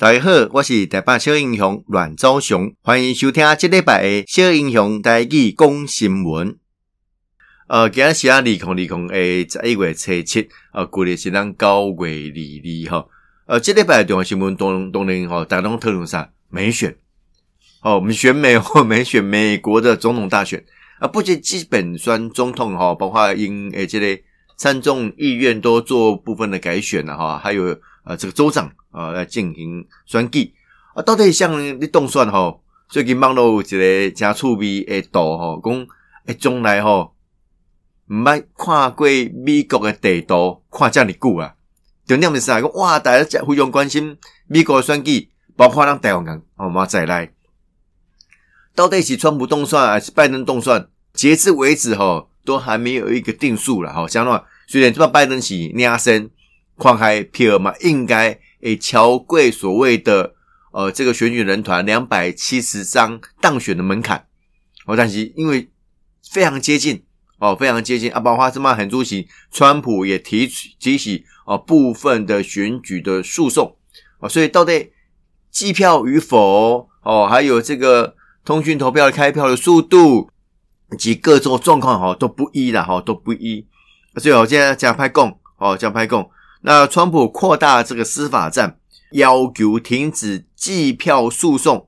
大家好，我是台北小英雄阮昭雄，歡迎收聽啊，這禮拜嘅小英雄台語講新聞、呃啊。呃，今日是二零二零誒，十一月初七呃，過嚟是咱九月二二號。呃，這禮拜中央新聞，東東寧哈，大東特朗普美選，哦，我們選美，我們選美國的總統大選啊，不僅基本算總統哈、哦，包括英誒即個參眾議院都做部分的改選啦哈、啊，還有呃這個州長。啊，來進行選舉啊！到底是像你當選吼、哦？最近網絡有一個真趣味誒圖吼，講誒將來吼，毋、哦、愛看過美國嘅地圖，看遮爾久啊！重點是啥，講哇，大家非常關心美國嘅選舉，包括咱台灣人，好嘛再來。到底是川普當選，還是拜登當選？截至為止吼、哦，都還沒有一個定數啦！吼、哦，相當於雖然知道拜登是領先，看開票嘛應該。誒，喬貴所謂的，呃，這個選舉人團兩百七十張當選的門檻，好，但是因為非常接近哦，非常接近。阿巴花斯曼很出席，川普也提提起哦，啊，部分的選舉的訴訟哦，所以到底計票與否哦，還有這個通訊投票的開票的速度，以及各種狀況哈都不一了哈都不一，所以我現在講拍供哦，講拍供。那川普擴大這個司法戰，要求停止計票訴訟，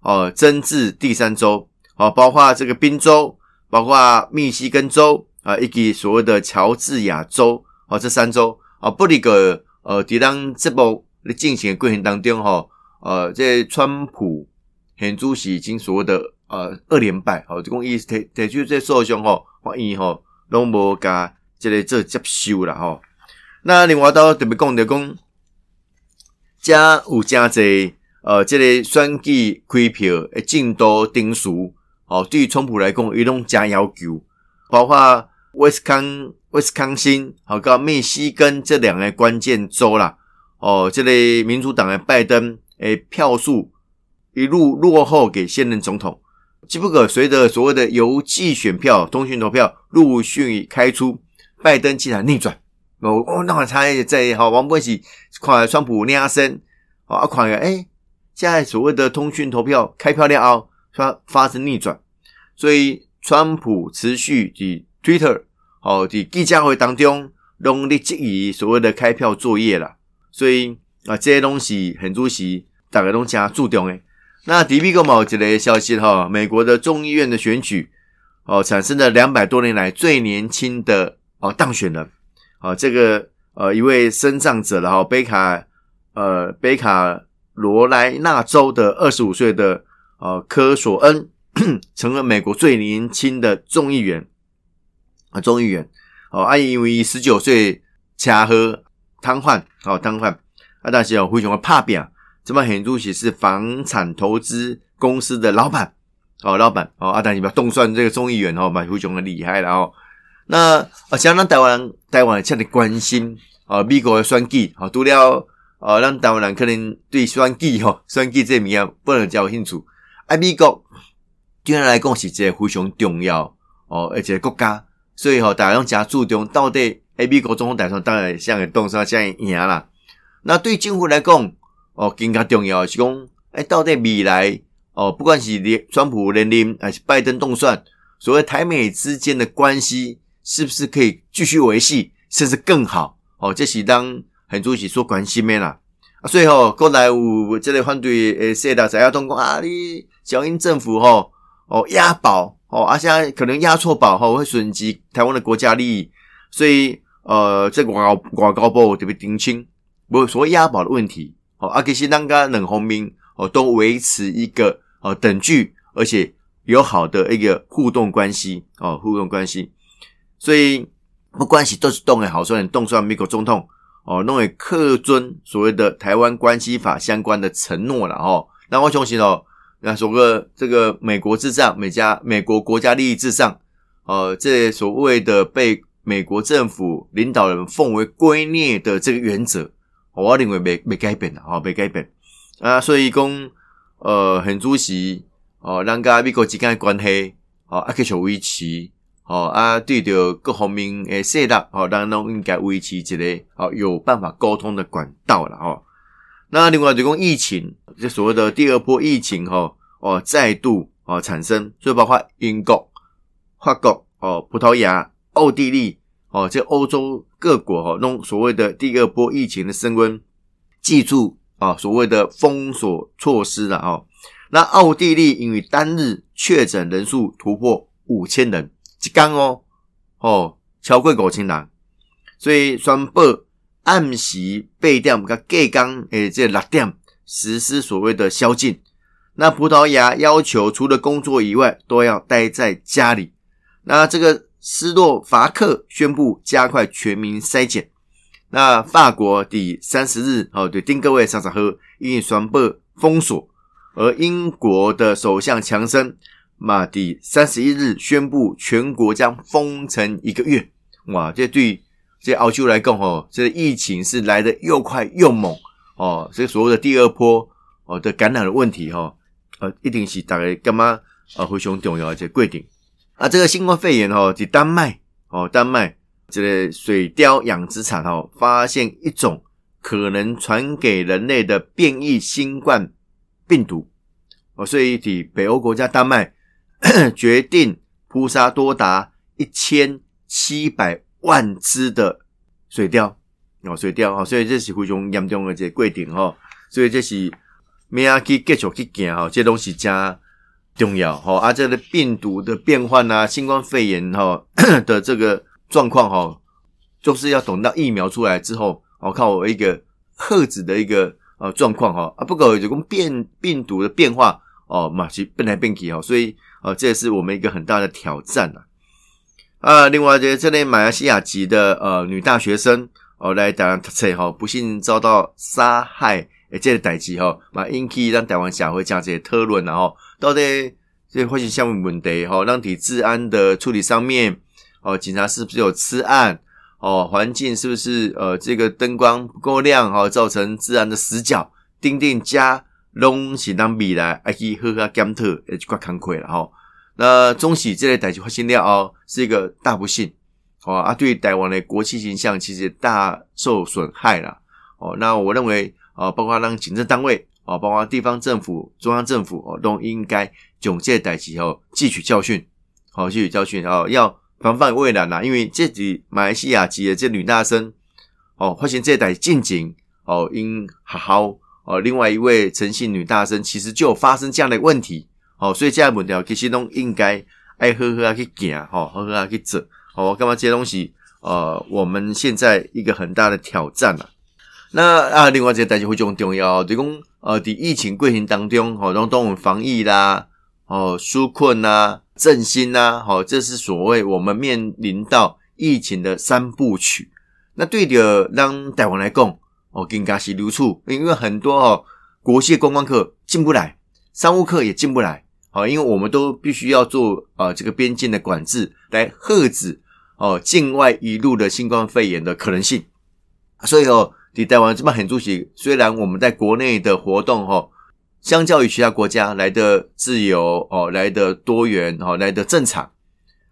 哦、呃，增至第三州，哦、呃，包括這個賓州，包括密西根州啊，以、呃、及所謂的喬治亞州，哦、呃，這三州，哦、呃，布里格呃，抵擋這波進行的過程當中，哈，呃，在川普現主席已經所謂的呃二連敗，這個意思，提提出這訴訟，歡迎哦，法院，哦，攏無加即個這接受啦，哈、呃。那另外到特別講的講，加有加在，呃，這類、個、選舉虧票，進度定數，哦，對於川普來講，伊攏加要求，包括威斯康威斯康星，和告密西根這兩個關鍵州啦，哦，這類、個、民主黨的拜登，誒，票數一路落後給現任總統，只不過隨着所謂的郵寄選票、通訊投票陸續開出，拜登竟然逆轉。哦哦，那他也在哈，王波喜看川普那聲哦，啊看個哎，現、欸、在所謂的通訊投票開票量哦發發生逆轉，所以川普持續佇 Twitter 哦佇記者會當中用力質疑所謂的開票作業啦，所以啊這些東西很多時大家攏加注重欸。那第二 Gomo 一個消息哈、哦，美國的眾議院的選舉哦產生了兩百多年來最年輕的哦當選人。啊，這個呃，一位身障者，然後北卡，呃，北卡羅萊納州的二十五歲的呃科索恩， 成了美國最年輕的眾議員啊，眾議員。哦，阿、啊、姨因為十九歲巧合癱瘓，哦，癱瘓。阿達西奧胡瓊的帕扁，這麼很出奇是房產投資公司的老闆，哦，老闆。哦，阿達你不要動算這個眾議員，哦，蠻胡瓊的厲害了，然、哦、後。那而且讓台灣台灣切的關心哦、啊，美國的選舉哦，除、啊、了哦，讓、啊、台灣人可能對選舉吼、啊、選舉這面不能有興趣。啊美國對咱來講是一個非常重要哦、啊，一個國家，所以哦、啊，大家都很注重到底誒、啊、美國總統打當然向個動算這樣贏啦。那對政府來講哦、啊，更加重要的是講誒、啊、到底未來哦、啊，不管是連川普連任還是拜登動算，所謂台美之間的關係。是不是可以繼續維繫，甚至更好？哦，這是當很主席說關係沒了啊。所以吼、哦，過來我這裡反對的小小小，呃，四大在要通過啊，你小英政府吼、哦，哦押寶哦，阿、啊、香可能押錯寶吼，會損及台灣的國家利益。所以呃，這外交外交部特別澄清，無所謂押寶的問題。哦，阿且是當家冷鴻明哦，都維持一個哦等距，而且友好的一個互動關係哦，互動關係。所以不，不關係，都是動也好，說你動來美國總統哦，弄個恪遵所謂的台灣關係法相關的承諾了哦，那我相信哦、喔，那所謂這個美國至上、美加、美國國家利益至上，呃，這所謂的被美國政府領導人奉為圭臬的這個原則，我認為沒沒改變的哈，沒、喔、改變。啊，所以講，呃，韓主席哦，讓、呃、個美國之間的關係哦，阿克喬維奇。哦啊，對到各方面誒，設立哦，當然應該維持一個哦有辦法溝通的管道了哦。那另外提供疫情，這所謂的第二波疫情哈哦，哦，再度哦產生，所以包括英國、法國哦、葡萄牙、奧地利哦，這歐洲各國哈，儂、哦、所謂的第二波疫情的升溫，祭出啊、哦，所謂的封鎖措施了哦。那奧地利因為單日確診人數突破五千人。一公哦，哦，超過五千人，所以宣布按時我們甲蓋港，誒，這個六點實施所謂的宵禁。那葡萄牙要求除了工作以外都要待在家裡。那這個斯洛伐克宣布加快全民篩檢。那法國第三十日哦，對，丁各位上上喝因為宣布封鎖，而英國的首相強森。馬蒂三十一日宣布，全國將封城一個月。哇，這對這歐洲來講，吼，這疫情是來得又快又猛哦。這所謂的第二波哦的感染的問題，吼，呃，一定是大家幹嘛啊非常重要且規定。啊，這個新冠肺炎哦，在丹麥哦，丹麥這個水貂養殖場哦，發現一種可能傳給人類的變異新冠病毒哦，所以，北歐國家丹麥。 決定撲殺多達一千七百萬隻的水貂，哦，水貂哦，所以這是非常嚴重的這規頂哦，所以這是咩啊？去接觸去見哦，這東西加重要哦。啊，這個病毒的變換吶、啊，新冠肺炎哈、哦、的這個狀況哈，就是要等到疫苗出來之後，我看我一個賀子的一個呃狀況哈。啊，不過有這種變病毒的變化哦嘛，是變來變去哦，所以。哦，這也是我們一個很大的挑戰吶、啊。啊，另外這這類馬來西亞籍的呃女大學生哦、呃、來台灣出差哈，不幸遭到殺害，這些代志哈，馬英九讓台灣社會加這些討論，然後、啊，到底這或是什麼問題哈？讓、哦、體治安的處理上面，哦警察是不是有吃案？哦環境是不是呃這個燈光不夠亮哦，造成治安的死角？釘釘嘉。攏是咱未來要去好好檢討也就怪慚愧了吼。那終是這個代志發生了哦、喔，是一個大不幸哦、喔、啊，對台灣的國際形象其實大受損害了哦、喔。那我認為啊、喔，包括咱警政單位啊、喔，包括地方政府、中央政府哦、喔，都應該從這個代誌吼汲取教訓，好、喔，吸取教訓哦、喔，要防範未來吶。因為這起馬來西亞籍的這女大生哦、喔，發生這代進境哦，應、喔、好好。哦，另外一位誠信女大生，其實就發生這樣的問題。好、哦、所以這樣的問題其實都應該愛呵呵啊去健啊，呵呵啊去整，好幹嘛、哦、這些東西？呃，我們現在一個很大的挑戰吶、啊。那啊，另外這些大家會這講重要、哦，提供呃，的疫情、疫情當中，好讓當我們防疫啦，哦紓困吶、振興吶，好、哦，這是所謂我們面臨到疫情的三部曲。那對着讓台灣來講。哦，跟人家是留處，因為很多哈、哦、國際觀光客進不來，商務客也進不來，好、哦，因為我們都必須要做啊、呃、這個邊境的管制，來遏止哦境外移入的新冠肺炎的可能性。所以哦，李大王這麼很主席，雖然我們在國內的活動哈、哦，相較於其他國家來得自由哦，來得多元哈、哦，來得正常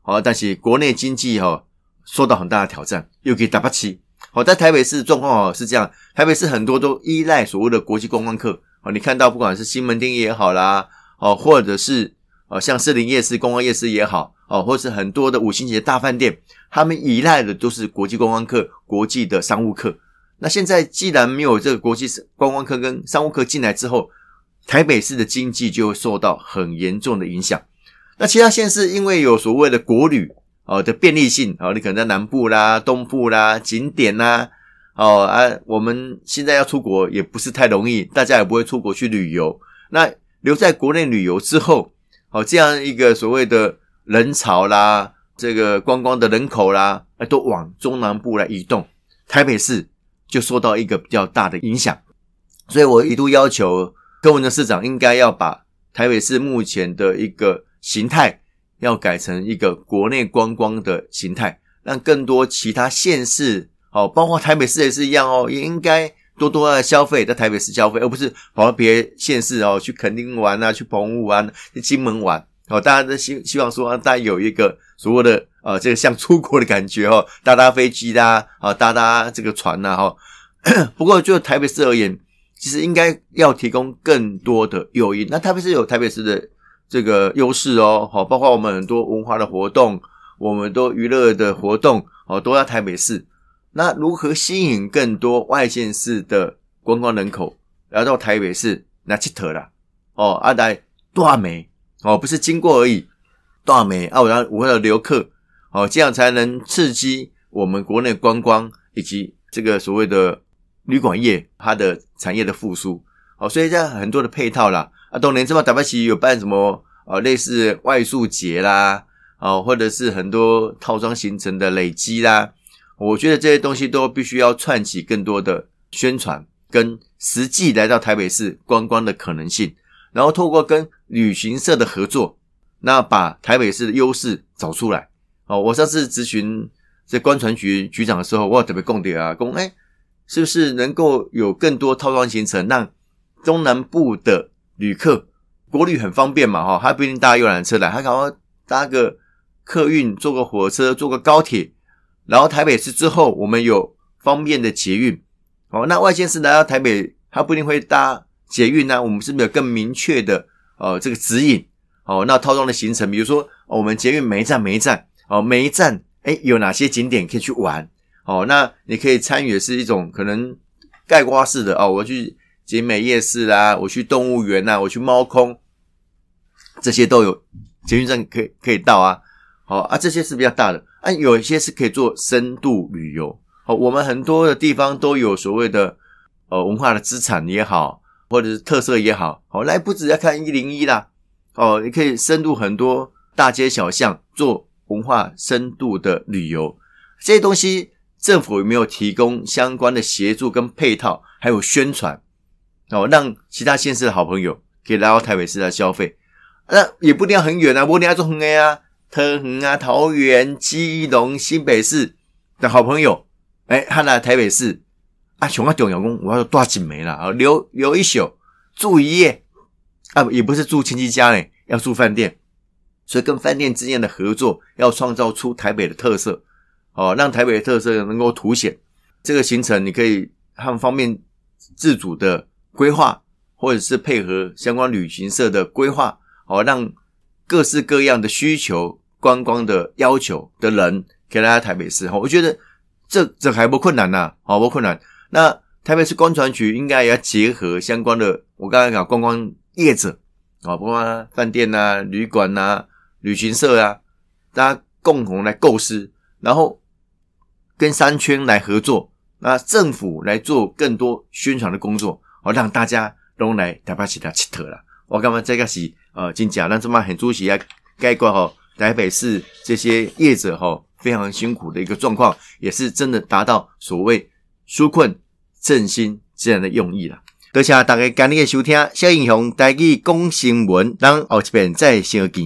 好、哦，但是國內經濟哈、哦、受到很大的挑戰，又給打不起。好，在台北市狀況哦是這樣，台北市很多都依賴所謂的國際觀光客哦，你看到不管是西門町也好啦，哦，或者是哦像士林夜市、觀光夜市也好，哦，或是很多的五星級大飯店，他們依賴的都是國際觀光客、國際的商務客。那現在既然沒有這個國際觀光客跟商務客進來之後，台北市的經濟就會受到很嚴重的影響。那其他縣市因為有所謂的國旅。哦，的便利性哦，你可能在南部啦、東部啦、景點啦，哦啊，我們現在要出國也不是太容易，大家也不會出國去旅遊。那留在國內旅遊之後，哦，這樣一個所謂的人潮啦，這個觀光的人口啦、啊，都往中南部來移動，台北市就受到一個比較大的影響。所以我一度要求柯文哲市長應該要把台北市目前的一個形態。要改成一個國內觀光的形態，讓更多其他縣市，哦、包括台北市也是一樣哦，也應該多多的消費，在台北市消費，而不是跑到別縣市哦，去墾丁玩啊，去澎湖玩、啊、去金門玩哦。大家都希希望說、啊，大家有一個所謂的呃，這個像出國的感覺哦，搭搭飛機啦、啊，啊、呃，搭搭這個船吶、啊、哈、哦。 不過就台北市而言，其實應該要提供更多的誘因。那台北市有台北市的。這個優勢哦，好，包括我們很多文化的活動，我們很多娛樂的活動，哦，都在台北市。那如何吸引更多外縣市的觀光人口來到台北市，那去投了哦，阿、啊、呆，大美哦，不是經過而已，大美，啊，我要我要留客，哦，這樣才能刺激我們國內觀光以及這個所謂的旅館業它的產業的復甦。哦，所以現在很多的配套啦，啊，當然這麼台北市有辦什麼啊、哦，類似外宿節啦，啊、哦，或者是很多套裝行程的累積啦，我覺得這些東西都必須要串起更多的宣傳跟實際來到台北市觀光的可能性，然後透過跟旅行社的合作，那把台北市的優勢找出來。哦，我上次諮詢這觀傳局局長的時候，我要特別供點啊，供哎，是不是能夠有更多套裝行程讓。東南部的旅客，國旅很方便嘛，哈、哦，他不一定搭遊覽車來，他可能搭個客運，坐個火車，坐個高鐵。然後台北市之後，我們有方便的捷運，哦，那外縣市來到台北，他不一定會搭捷運呢、啊。我們是不是有更明確的，呃、哦，這個指引，哦，那套裝的行程，比如說、哦、我們捷運每一站每一站，哦，每一站，哎、欸，有哪些景點可以去玩，哦，那你可以參與的是一種可能蓋刮式的，哦，我去。集美夜市啦、啊，我去動物園啦、啊，我去貓空，這些都有，捷運站可以可以到啊。好、哦、啊，這些是比較大的啊，有一些是可以做深度旅遊。哦，我們很多的地方都有所謂的呃文化的資產也好，或者是特色也好，好、哦，來不止要看101啦，哦，你可以深入很多大街小巷做文化深度的旅遊。這些東西政府有沒有提供相關的協助跟配套，還有宣傳？哦，讓其他縣市的好朋友可以來到台北市來消費，那、啊、也不一定要很遠啊，我連要中恆啊、特衡啊、桃園、基隆、新北市的好朋友，哎、欸，他來台北市啊，熊啊，點員工，我要抓緊沒了，留留一宿，住一夜啊，也不是住親戚家嘞，要住飯店，所以跟飯店之間的合作，要創造出台北的特色，哦，讓台北的特色能夠凸顯。這個行程你可以很方便自主的。規劃，或者是配合相關旅行社的規劃，好、哦、讓各式各樣的需求、觀光的要求的人，給大家台北市。好、哦，我覺得這這還不困難吶、啊，好、哦、不困難。那台北市觀傳局應該要結合相關的，我剛剛講觀光業者啊，包、哦、括飯店吶、啊、旅館吶、啊、旅行社啊，大家共同來構思，然後跟商圈來合作，那政府來做更多宣傳的工作。我讓大家都來台北市內 𨑨 迌啦，我幹嘛這個、就是呃，今仔讓這麼很多企啊蓋過吼台北市這些業者吼、喔，非常辛苦的一個狀況，也是真的達到所謂紓困振興這樣的用意了。多謝大家今日的收聽小英雄台語講新聞，咱後一擺再相見。